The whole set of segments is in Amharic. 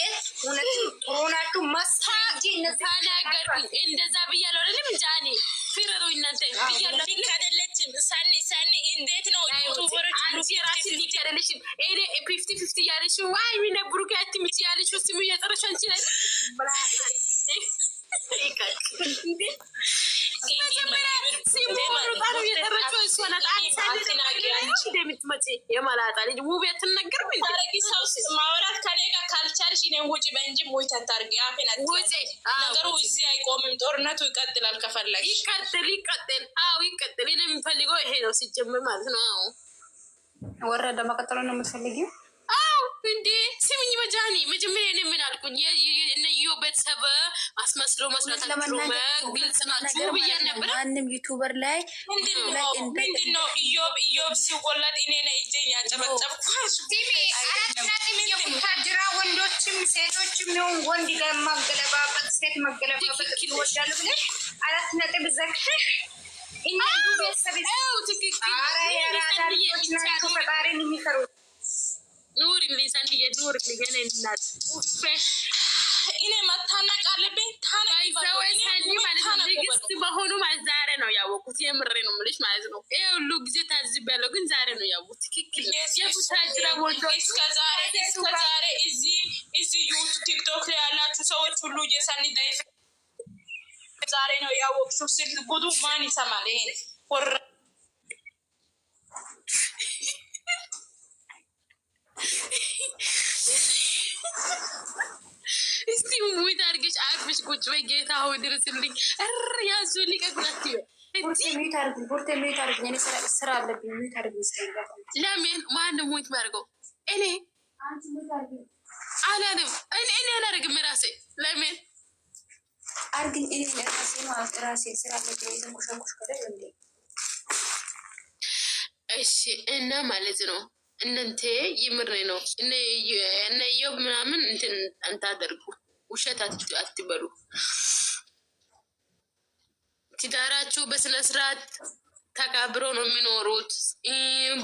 ቤት እውነትም ጥሩ ናችሁ። እንደዛ ብያለሁ አይደለም ጃኒ ፍረሩ እናንተ ብያለሁ። ልክ አይደለችም ሳኒ ሳኒ። እንዴት ነው ዩቱበሮች ራሲ ልክ አይደለችም። እኔ ፊፍቲ ፊፍቲ እያለች ዋይ ሚነ ብሩክ ያትምጭ ያለች ስሙ እየጠረሻ እንችላል ውብ ትነገር ውጭ በእንጂ ሙይት ጦርነቱ ይቀጥላል። ከፈለግሽ ይቀጥል ይቀጥል። አዎ ሲጀምር ወረደ መቀጠሉ ነው የምትፈልጊው? እንዴ ስምኝ መጃኒ መጀመሪያ እኔ ምን አልኩኝ? እነዮ ቤተሰብ አስመስሎ መስራት ግልጽ ናችሁ ብዬ ነበረ። ማንም ዩቱበር ላይ ምንድነው ኢዮብ ኢዮብ ሲወለድ እኔ ነ እጀኝ ያጨበጨብኳሽ ወንዶችም ሴቶችም ሆን ወንድ ለማገለባበት ሴት መገለባበት ወዳሉ ብለሽ አራት ነጥብ ዘግተሽ ኖር የኔ እናት እኔ መታነቅ አለብኝ። ትዕግስት መሆኑ ማለት ዛሬ ነው ያወቁት። የምሬ ነው የምልሽ ማለት ነው። ይሄ ሁሉ ጊዜ ታዝቢያለሁ፣ ግን ዛሬ ነው ያወቁት። ትክክል የቡታጅራ እስከዛሬ እዚህ ዩቱ ቲክቶክ ላይ ያላችሁ ሰዎች ሁሉ የሰኒ ዛሬ ነው ያወቅሽው ስል ጉዱ ማን ይሰማል ይሄን ሰዎች ወይ ጌታ ሆይ ድረስልኝ፣ እር ያዙልኝ። ለምን ማንም ሞት ማድርገው እኔ አላለም። እኔ አላደርግም ራሴ ለምን እሺ እና ማለት ነው እናንተ ይምሬ ነው እነ እዮብ ምናምን እንትን እንታደርጉ ውሸት አትበሉ። ትዳራችሁ በስነ ስርዓት ነው የሚኖሩት።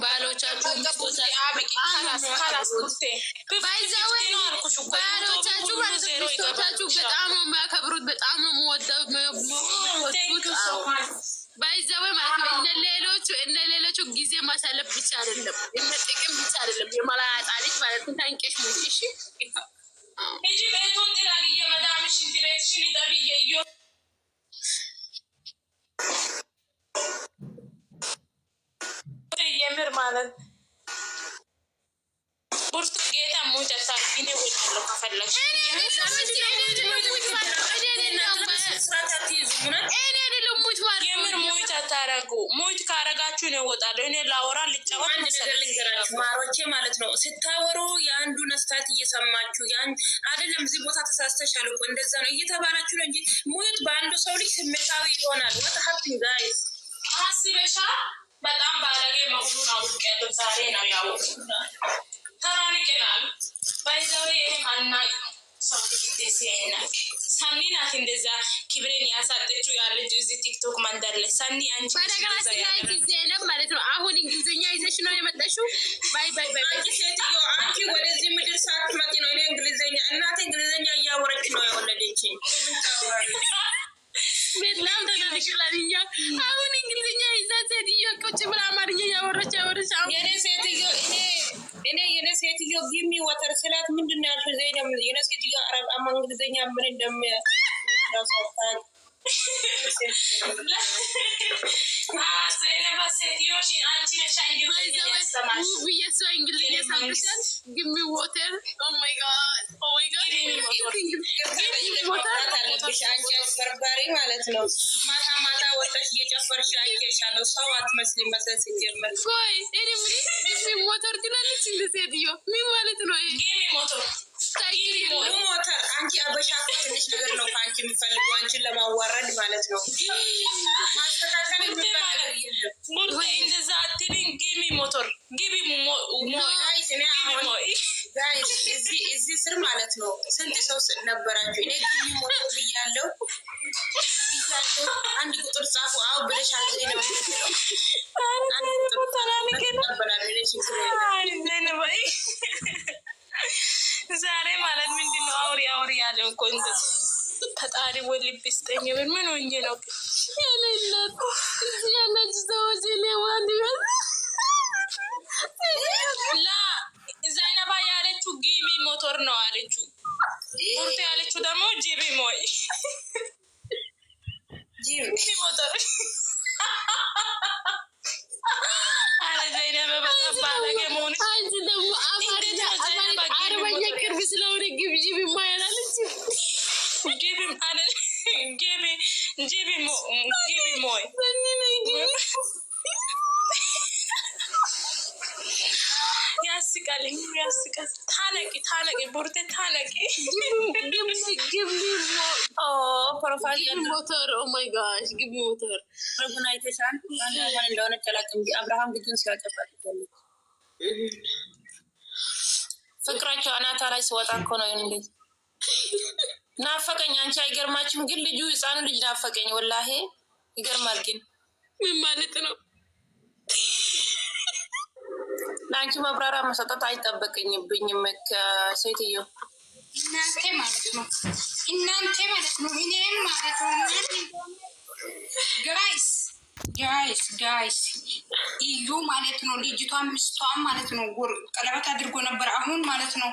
ባሎቻችሁ ሚስቶቻችሁ በጣም ነው የሚያከብሩት፣ በጣም ነው ባይዛወ ማለት ነው። እነ ሌሎቹ እነ ሌሎቹ ጊዜ ማሳለፍ ብቻ አይደለም፣ እነ ጥቅም ብቻ አይደለም። የመላጣ ልጅ ማለት ነው። ታንቄሽ ሙሽ şimdi şimdi da bir yiyor. Yemir ማለት ቡርቱ ጌታ ሙጫ ሳግኒ ወጥሎ ከፈለሽ እኔ እንዳታረጉ ሙት ካረጋችሁ ነው እወጣለሁ። እኔ ላወራ ልጫወት ማሮቼ ማለት ነው። ስታወሩ የአንዱ ነስታት እየሰማችሁ ያን አይደለም፣ እዚህ ቦታ ተሳስተሻል እኮ እንደዛ ነው እየተባላችሁ ነው እንጂ ሙት በአንዱ ሰው ልጅ ስሜታዊ ይሆናል። ወት ሀፕን አስበሻ በጣም ባለጌ መሆኑን አውቄያለሁ። ዛሬ ነው ያወቁ ተራርቀናል። ባይዛዊ ይህም አናቅ ሰው ልጅ እንዴት ሲያይናል ሰኒ ናት እንደዛ ክብሬን ያሳጠችው ያለች እዚህ ቲክቶክ መንደር ላይ ሰኒ አንቺ በነገራችን ላይ ጊዜ የለም ማለት ነው። አሁን እንግሊዝኛ ይዘሽ ነው የመጣሽው። ባይ ባይ ባይ። አንቺ ሴትዮ አንቺ ወደዚህ ምድር ሳትመጪ ነው እኔ እንግሊዝኛ እናቴ እንግሊዝኛ እንደሚያምር እንደሚያሳታል በርበሬ ማለት ነው። ማታ ማታ ወጣሽ እየጨፈርሽ አይቼሻለሁ። ሰው አትመስልም። መሰል ሲጀመር ሞተር ትላለች። እንደዚህ ሴትዮ ምን ማለት ነው? ሞተር አንቺ አበሻ እኮ ትንሽ ነገር ነው ከአንቺ የሚፈልገው አንቺን ለማዋረድ ማለት ነው። ማስተካከል እንደዛ አትሪን። እዚህ ስር ማለት ነው። ስንት ሰው ነበራችሁ? እኔ ግቢ ሞተር ብያለሁ። አንድ ቁጥር ጻፉ አው ብለሻ ነው እኮ እንደዚህ ፈጣሪ ወልብ ይስጠኝ። ምን ምን ወንጀ ነው ያለለት ያለች ሰዎች ሌዋን ላ ዘይነባ ያለችው ጊቢ ሞቶር ነው አለችው። ቡርቱ ያለችው ደግሞ ጂቢ ሞይ ጂቢ ሞቶር Gdzie mi mój? Gdzie ያስቃል ያስቃል። ታነቂ ታነቂ ቡርቴ ታነቂ ፕሮፋይል ሞተር ኦ ማይ ጋሽ ግቢ ሞተር ረቡን አይተሻል እንደሆነ ጨላቅም አብርሃም ግድን ሲያጨፋል ፍቅራቸው አናታ ላይ ሲወጣ እኮ ነው እንዴ ናፈቀኝ። አንቺ አይገርማችሁም? ግን ልጁ ህፃኑ ልጅ ናፈቀኝ። ወላሄ ይገርማል። ግን ምን ማለት ነው? ለአንቺ መብራሪያ መሰጠት አይጠበቅኝብኝም። ከሴትዮ እናንተ ማለት ነው እናንተ ማለት ነው እኔም ማለት ነው ጋይስ ጋይስ ጋይስ እዩ ማለት ነው ልጅቷ ምስቷ ማለት ነው ቀለበት አድርጎ ነበር። አሁን ማለት ነው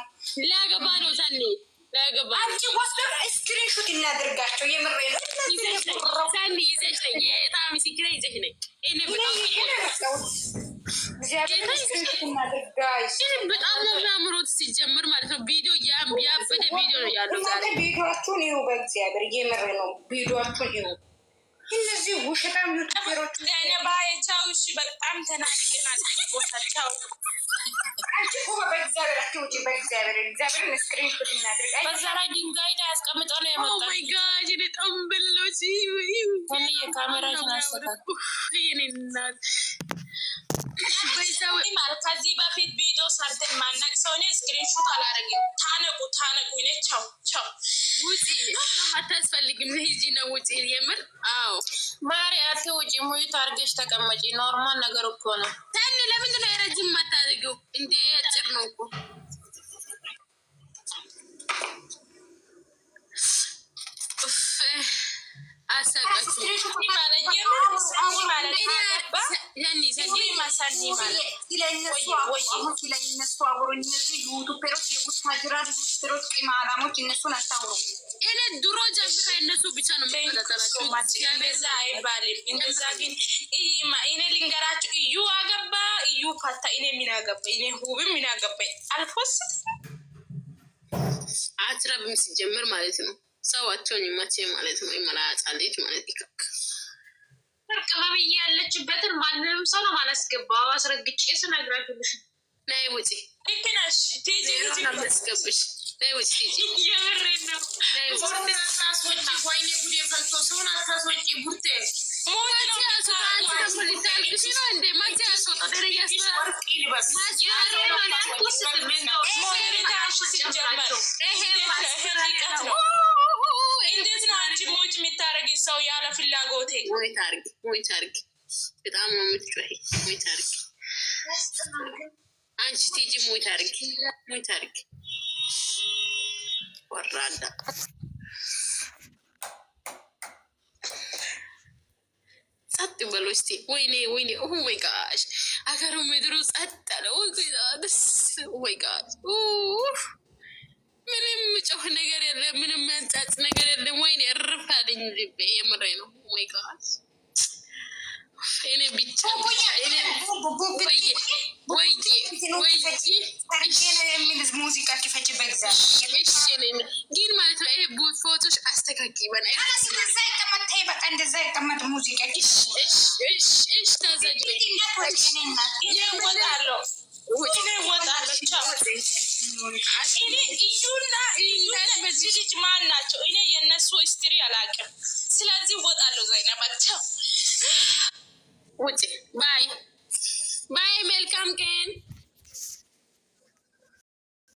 ላገባ ነው ሰኔ አንቺ ወስደን ስክሪንሹት እናደርጋቸው። የምር በጣም ነው የሚያምሩት ሲጀምር ማለት ነው። ቪዲዮ ያበደ ቪዲዮ ነው ያለው። ቪዲዮቹን ይሁ በእግዚአብሔር የምር ነው። ቪዲዮቹን ይሁ እነዚህ ውሸታም ዩቱበሮች ቻው። እሺ በጣም ተናግናል። አንቺ እኮ በእግዚአብሔር ድንጋይ ላይ ነው የመጣው። oh ማለት ከዚህ በፊት ቪዲዮ ሰርተን ማናቅ ሰው እኔ ስክሪንሹት አላረግም። ታነቁ ታነቁ። እኔ ቻው ቻው። ውጪ አታስፈልግም። ሂጂ ነው ውጪ። የምር አዎ፣ ማሪ ውጪ ሙይት አርገሽ ተቀመጪ። ኖርማል ነገር እኮ ነው። ተኒ ለምንድ ነው የረጅም መታደገው እንዴ? አጭር ነው እኮ አሰቃችሁ ማለት ማለት ለእነሱ አውሩ። እነዚህ ዩቱበሮች እኔ ድሮ እዩ አገባ፣ እዩ ፈታ። እኔ ምን አገባኝ? እኔ ሁብ ምን አገባኝ? አልፎስት አትረብም ሲጀምር ማለት ነው። ሰዋቸውን ይመቼ ማለት ነው። ይመላጫ ማለት ይከ ቅመምዬ ያለችበትን ማንንም ሰው ነው አላስገባው። አስረግጬ ስነግራችሁልሽ ላይ ውጪ ውጪ የምሬ ነው። ወይኔ ጉዴ ፈልቶ ሰውን አታስወጪ። ቡርቴ እንዴት ነው አንቺ ሞጭ የሚታረጊ ሰው ያለ ፍላጎቴ? ወይ ታርጊ፣ ወይ ታርጊ። በጣም ነው የምትጮሂ። ወይ ታርጊ አንቺ ቲጂ፣ ወይ ታርጊ፣ ወይ ታርጊ። ወራዳ ጸጥ በሎ እስቲ። ወይኔ ወይኔ! ኦ ማይ ጋሽ አገሩ ምድሩ ጸጥ አለ። ወይ ጋሽ ወይ ጋሽ የምጮህ ነገር የለ፣ ምንም መንጻጽ ነገር የለም። ወይኔ እርፍ አለኝ ልቤ። የምሬ ነው። ወይ ጋዝ እኔ ብቻ ወይዬ ወይዬ